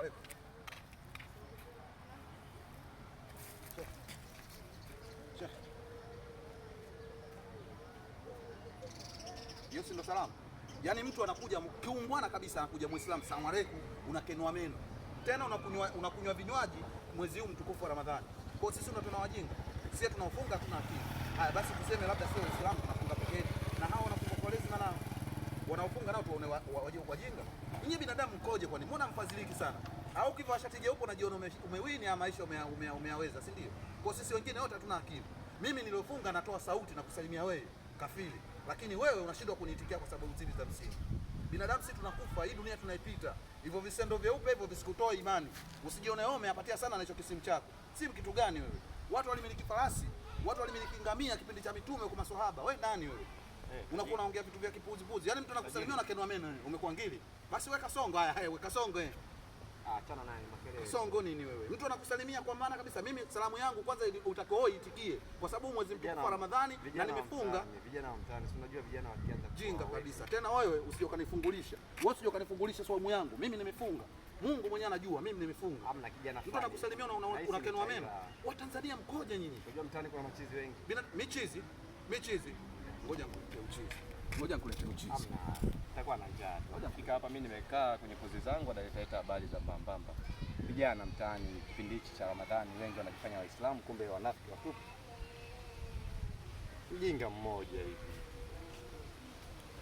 Assalamu Hiyo si ndo salamu? Yaani mtu anakuja kiungwana kabisa, anakuja Muislamu, salamu alaikum, unakenua meno tena unakunywa unakunywa vinywaji mwezi huu mtukufu wa Ramadhani. Kwa hiyo sisi ndo tunawajinga, sisi tunaofunga hatuna akili. Haya basi tuseme labda sio Uislamu wanaofunga nao tuone wajinga. Nyinyi binadamu mkoje? Kwani mbona mfadhiliki sana? Au kivaa shati jeupe unajiona umewini ama maisha umea, umea, umeyaweza, si ndio? Kwa sisi wengine wote hatuna akili. Mimi niliofunga natoa sauti na kusalimia wewe kafiri, lakini wewe unashindwa kuniitikia kwa sababu zipi za msingi? Binadamu si tunakufa, hii dunia tunaipita. Hivyo visendo vyeupe hivyo visikutoe imani, usijione wewe umeapatia sana na hicho kisimu chako. Si kitu gani wewe? Watu walimiliki farasi, watu walimiliki ngamia kipindi cha mitume kwa maswahaba. Wewe nani wewe? Eh, unakuwa eh. unaongea vitu vya kipuzi puzi. Yaani mtu anakusalimia na kenwa meno Umekuwa ngili. Basi weka songo haya, haya weka songo eh. Ah, achana naye makelele. Songo nini wewe? Mtu anakusalimia kwa maana kabisa. Mimi salamu yangu kwanza utakao itikie kwa sababu mwezi mtukufu wa Ramadhani na nimefunga. Vijana wa mtaani, si unajua vijana wakianza jinga kabisa. Tena wewe usije ukanifungulisha. Wewe usije ukanifungulisha saumu yangu. Mimi nimefunga. Mungu mwenyewe anajua mimi nimefunga. Hamna kijana fulani. Mtu anakusalimia na unakenwa meno. Watanzania mkoje nyinyi? Unajua mtaani kuna machizi wengi. Michizi? Michizi. Ngoja nikuletee uchizi. Ngoja nikuletee uchizi. Nitakuwa na njaa. Ngoja fika hapa mimi nimekaa kwenye kozi zangu analeta habari za mbambamba. Vijana mtaani kipindi hichi cha Ramadhani wengi wanajifanya Waislamu kumbe wanafiki watupu. Mjinga mmoja hivi.